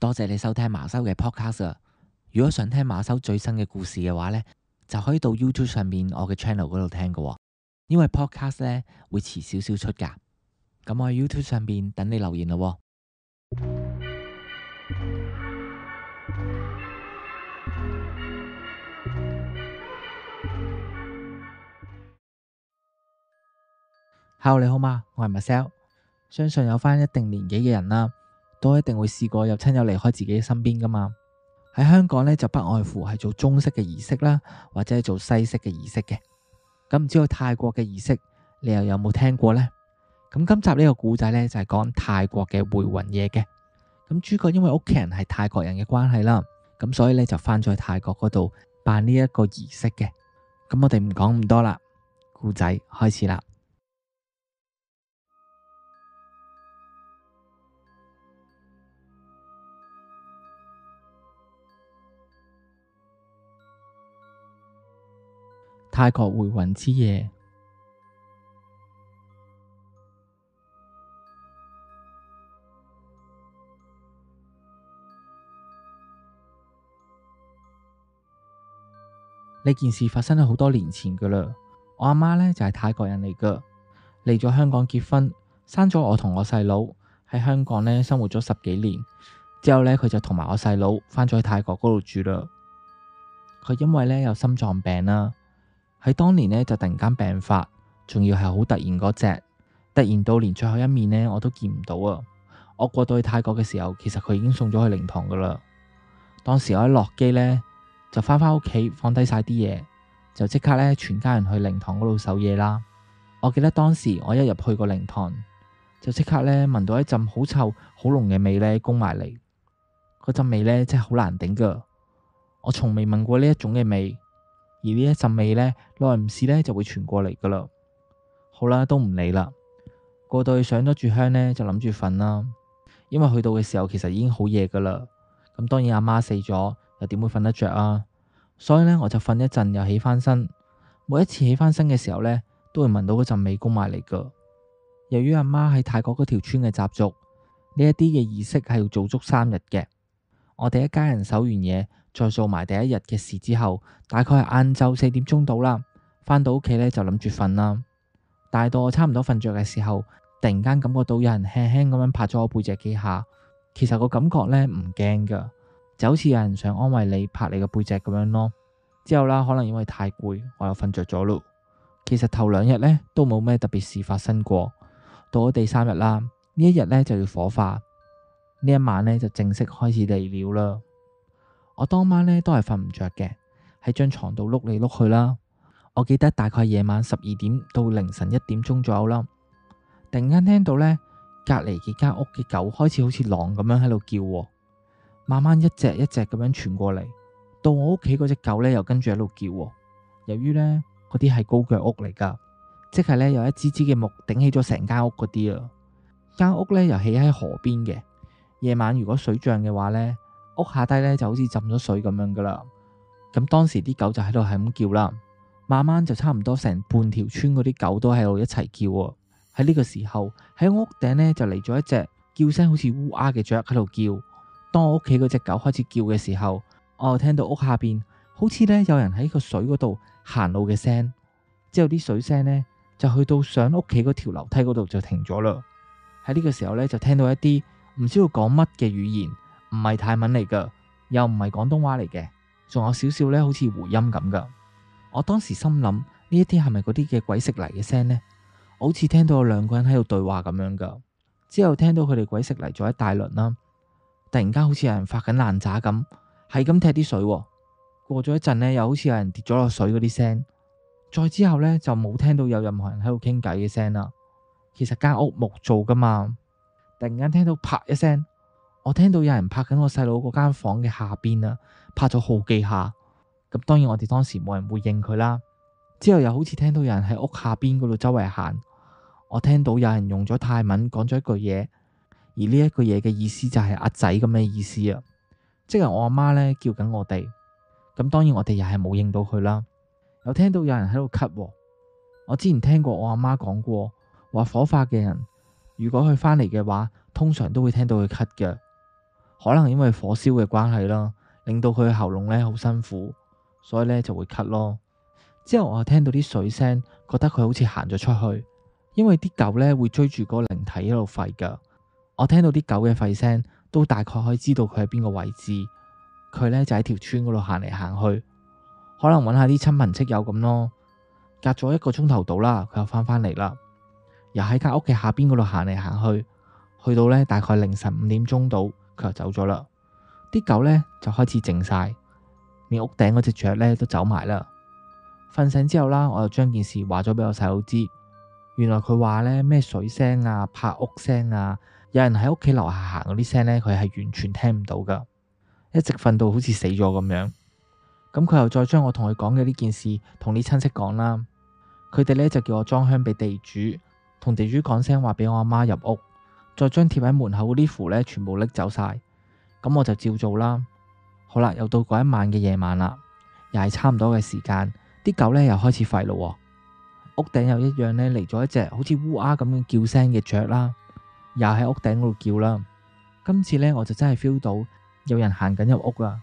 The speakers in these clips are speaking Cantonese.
多謝你收聽馬修嘅 podcast。如果想聽馬修最新嘅故事嘅話呢，就可以到 YouTube 上面我嘅 channel 嗰度聽噶。因為 podcast 呢會遲少少出噶。咁我喺 YouTube 上面等你留言咯。Hello，你好嘛？我係 Marcel。相信有翻一定年紀嘅人啦。都一定會試過有親友離開自己身邊噶嘛？喺香港呢，就不外乎係做中式嘅儀式啦，或者係做西式嘅儀式嘅。咁唔知喺泰國嘅儀式你又有冇聽過呢？咁今集呢個故仔呢，就係講泰國嘅回魂夜嘅。咁主角因為屋企人係泰國人嘅關係啦，咁所以呢，就翻咗去泰國嗰度辦呢一個儀式嘅。咁我哋唔講咁多啦，故仔開始啦。泰國回魂之夜，呢件事發生咗好多年前噶啦，我阿媽呢就係泰國人嚟噶，嚟咗香港結婚，生咗我同我細佬喺香港呢生活咗十幾年，之後呢，佢就同埋我細佬返咗去泰國嗰度住啦。佢因為呢有心臟病啦。喺當年呢，就突然間病發，仲要係好突然嗰隻，突然到連最後一面呢，我都見唔到啊！我過到去泰國嘅時候，其實佢已經送咗去靈堂噶啦。當時我一落機呢，就翻返屋企放低晒啲嘢，就即刻呢，全家人去靈堂嗰度守夜啦。我記得當時我一入去個靈堂，就即刻呢，聞到一陣好臭、好濃嘅味呢，攻埋嚟，嗰陣味呢，真係好難頂噶，我從未聞過呢一種嘅味。而呢一陣味咧，耐唔時呢，久久就會傳過嚟噶啦。好啦，都唔理啦。過到去上咗炷香呢，就諗住瞓啦。因為去到嘅時候其實已經好夜噶啦。咁當然阿媽死咗又點會瞓得着啊？所以呢，我就瞓一陣又起翻身。每一次起翻身嘅時候呢，都會聞到嗰陣味供埋嚟噶。由於阿媽喺泰國嗰條村嘅習俗，呢一啲嘅儀式係要做足三日嘅。我哋一家人守完嘢。再做埋第一日嘅事之後，大概係晏晝四點鐘到啦，返到屋企咧就諗住瞓啦。但係到我差唔多瞓着嘅時候，突然間感覺到有人輕輕咁樣拍咗我背脊幾下，其實個感覺咧唔驚噶，就好似有人想安慰你拍你個背脊咁樣咯。之後啦，可能因為太攰，我又瞓着咗咯。其實頭兩日咧都冇咩特別事發生過，到咗第三日啦，呢一日咧就要火化，呢一晚咧就正式開始嚟料啦。我當晚咧都係瞓唔着嘅，喺張床度碌嚟碌去啦。我記得大概夜晚十二點到凌晨一點鐘左右啦，突然間聽到咧隔籬幾間屋嘅狗開始好似狼咁樣喺度叫，慢慢一隻一隻咁樣傳過嚟，到我屋企嗰隻狗咧又跟住喺度叫。由於咧嗰啲係高腳屋嚟噶，即係咧有一支支嘅木頂起咗成間屋嗰啲啊，間屋咧又起喺河邊嘅，夜晚如果水漲嘅話咧。屋下低咧就好似浸咗水咁樣噶啦，咁當時啲狗就喺度係咁叫啦，慢慢就差唔多成半條村嗰啲狗都喺度一齊叫啊！喺呢個時候喺屋頂咧就嚟咗一隻叫聲好似烏鴉嘅雀喺度叫。當我屋企嗰隻狗開始叫嘅時候，我又聽到屋下邊好似咧有人喺個水嗰度行路嘅聲，之後啲水聲咧就去到上屋企嗰條樓梯嗰度就停咗啦。喺呢個時候咧就聽到一啲唔知道講乜嘅語言。唔係泰文嚟噶，又唔係廣東話嚟嘅，仲有少少呢好似回音咁噶。我當時心諗呢一啲係咪嗰啲嘅鬼食泥嘅聲呢？好似聽到有兩個人喺度對話咁樣噶。之後聽到佢哋鬼食泥咗一大輪啦。突然間好似有人發緊爛渣咁，係咁踢啲水啊。過咗一陣呢，又好似有人跌咗落水嗰啲聲。再之後呢，就冇聽到有任何人喺度傾偈嘅聲啦。其實間屋木做噶嘛，突然間聽到啪一聲。我聽到有人拍緊我細佬嗰間房嘅下邊啊，拍咗好幾下。咁當然我哋當時冇人回應佢啦。之後又好似聽到有人喺屋下邊嗰度周圍行。我聽到有人用咗泰文講咗一句嘢，而呢一句嘢嘅意思就係阿仔咁嘅意思啊，即係我阿媽呢叫緊我哋。咁當然我哋又係冇應到佢啦。又聽到有人喺度咳喎。我之前聽過我阿媽講過，話火化嘅人如果佢返嚟嘅話，通常都會聽到佢咳嘅。可能因為火燒嘅關係啦，令到佢嘅喉嚨咧好辛苦，所以咧就會咳咯。之後我聽到啲水聲，覺得佢好似行咗出去，因為啲狗咧會追住嗰個靈體一路吠㗎。我聽到啲狗嘅吠聲，都大概可以知道佢喺邊個位置。佢咧就喺條村嗰度行嚟行去，可能揾下啲親朋戚友咁咯。隔咗一個鐘頭到啦，佢又翻返嚟啦，又喺間屋企下邊嗰度行嚟行去，去到咧大概凌晨五點鐘到。佢又走咗啦，啲狗呢，就開始靜晒，連屋頂嗰隻雀呢，都走埋啦。瞓醒之後啦，我就將件事話咗俾我細佬知，原來佢話呢，咩水聲啊、拍屋聲啊、有人喺屋企樓下行嗰啲聲呢，佢係完全聽唔到噶。一直瞓到好似死咗咁樣，咁佢又再將我同佢講嘅呢件事同啲親戚講啦，佢哋呢，就叫我裝香俾地主，同地主講聲話俾我阿媽入屋。再將貼喺門口嗰啲符咧，全部拎走晒。咁我就照做啦。好啦，又到嗰一晚嘅夜晚啦，又係差唔多嘅時間，啲狗咧又開始吠咯。屋頂又一樣咧，嚟咗一隻好似烏鴉咁樣叫聲嘅雀啦，又喺屋頂嗰度叫啦。今次咧我就真係 feel 到有人行緊入屋啦。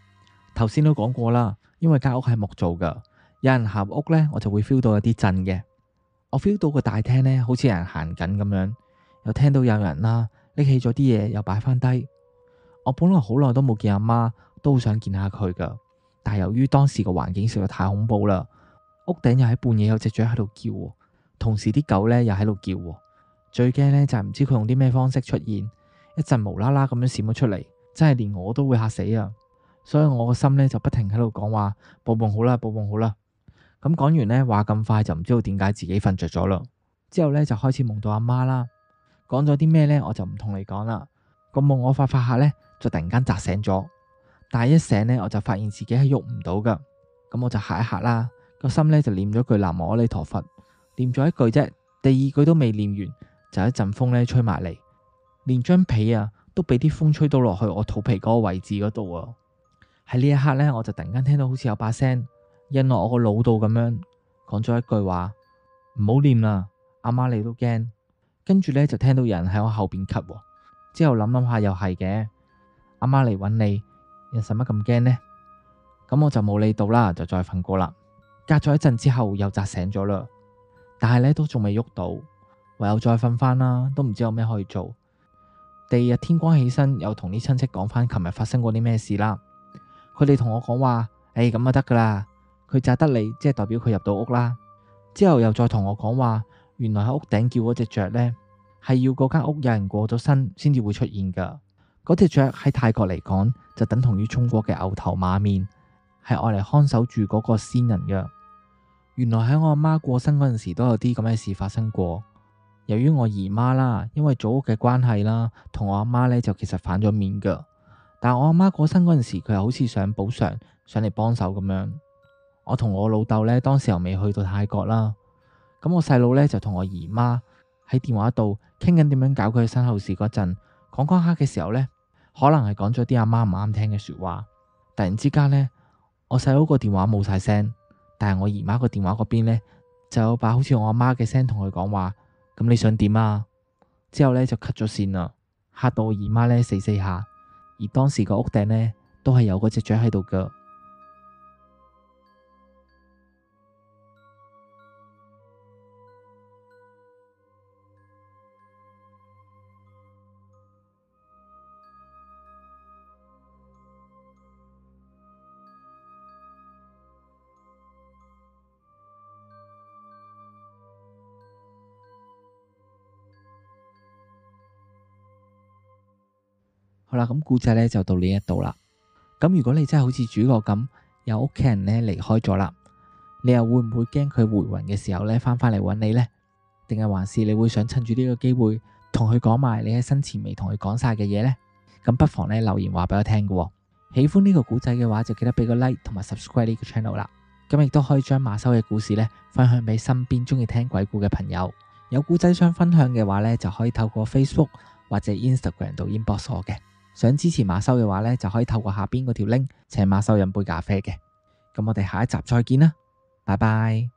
頭先都講過啦，因為間屋係木做噶，有人行入屋咧，我就會 feel 到有啲震嘅。我 feel 到個大廳咧，好似有人行緊咁樣。又聽到有人啦，拎起咗啲嘢又擺翻低。我本來好耐都冇見阿媽，媽，都好想見下佢噶。但係由於當時個環境實在太恐怖啦，屋頂又喺半夜有隻雀喺度叫，同時啲狗咧又喺度叫。最驚咧就係唔知佢用啲咩方式出現，一陣無啦啦咁樣閃咗出嚟，真係連我都會嚇死啊！所以我個心咧就不停喺度講話：報夢好啦，報夢好啦。咁講完咧，話咁快就唔知道點解自己瞓着咗啦。之後咧就開始夢到阿媽啦。講咗啲咩呢？我就唔同你講啦。個夢我發發下呢，就突然間扎醒咗。但係一醒呢，我就發現自己係喐唔到噶。咁我就嚇一嚇啦，個心呢就念咗句南無阿彌陀佛，念咗一句啫，第二句都未念完，就有一陣風呢吹埋嚟，連張被啊都俾啲風吹到落去我肚皮嗰個位置嗰度啊。喺呢一刻呢，我就突然間聽到好似有把聲印落我個腦度咁樣，講咗一句話：唔好念啦，阿媽，媽你都驚。跟住呢，就聽到人喺我後邊咳，之後諗諗下又係嘅，阿媽嚟搵你，又使乜咁驚呢？咁我就冇理到啦，就再瞓過啦。隔咗一陣之後又扎醒咗啦，但係呢，都仲未喐到，唯有再瞓返啦，都唔知有咩可以做。第二日天光起身，又同啲親戚講返，琴日發生過啲咩事啦。佢哋同我講話：，誒、欸、咁就得噶啦，佢扎得你，即係代表佢入到屋啦。之後又再同我講話。原來喺屋頂叫嗰隻雀呢，係要嗰間屋有人過咗身先至會出現噶。嗰隻雀喺泰國嚟講就等同於中國嘅牛頭馬面，係愛嚟看守住嗰個先人嘅。原來喺我阿媽過身嗰陣時都有啲咁嘅事發生過。由於我姨媽啦，因為祖屋嘅關係啦，同我阿媽呢就其實反咗面噶。但我阿媽過身嗰陣時，佢又好似想補償，上嚟幫手咁樣。我同我老豆呢，當時又未去到泰國啦。咁我細佬咧就同我姨媽喺電話度傾緊點樣搞佢身後事嗰陣，講講下嘅時候咧，可能係講咗啲阿媽唔啱聽嘅說話。突然之間咧，我細佬個電話冇晒聲，但係我姨媽個電話嗰邊咧就有把好似我阿媽嘅聲同佢講話。咁你想點啊？之後咧就 cut 咗線啦，吓到我姨媽咧死死下。而當時個屋頂咧都係有嗰隻雀喺度嘅。好啦，咁故仔呢就到呢一度啦。咁如果你真係好似主角咁，有屋企人咧離開咗啦，你又會唔會驚佢回魂嘅時候咧翻翻嚟揾你呢？定係還是你會想趁住呢個機會同佢講埋你喺生前未同佢講晒嘅嘢呢？咁不妨咧留言話俾我聽嘅。喜歡呢個故仔嘅話，就記得俾個 like 同埋 subscribe 呢個 channel 啦。咁亦都可以將馬修嘅故事咧分享俾身邊中意聽鬼故嘅朋友。有故仔想分享嘅話呢，就可以透過 Facebook 或者 Instagram 度 inbox 我嘅。想支持馬修嘅話咧，就可以透過下邊嗰條 link 請馬修飲杯咖啡嘅。咁我哋下一集再見啦，拜拜。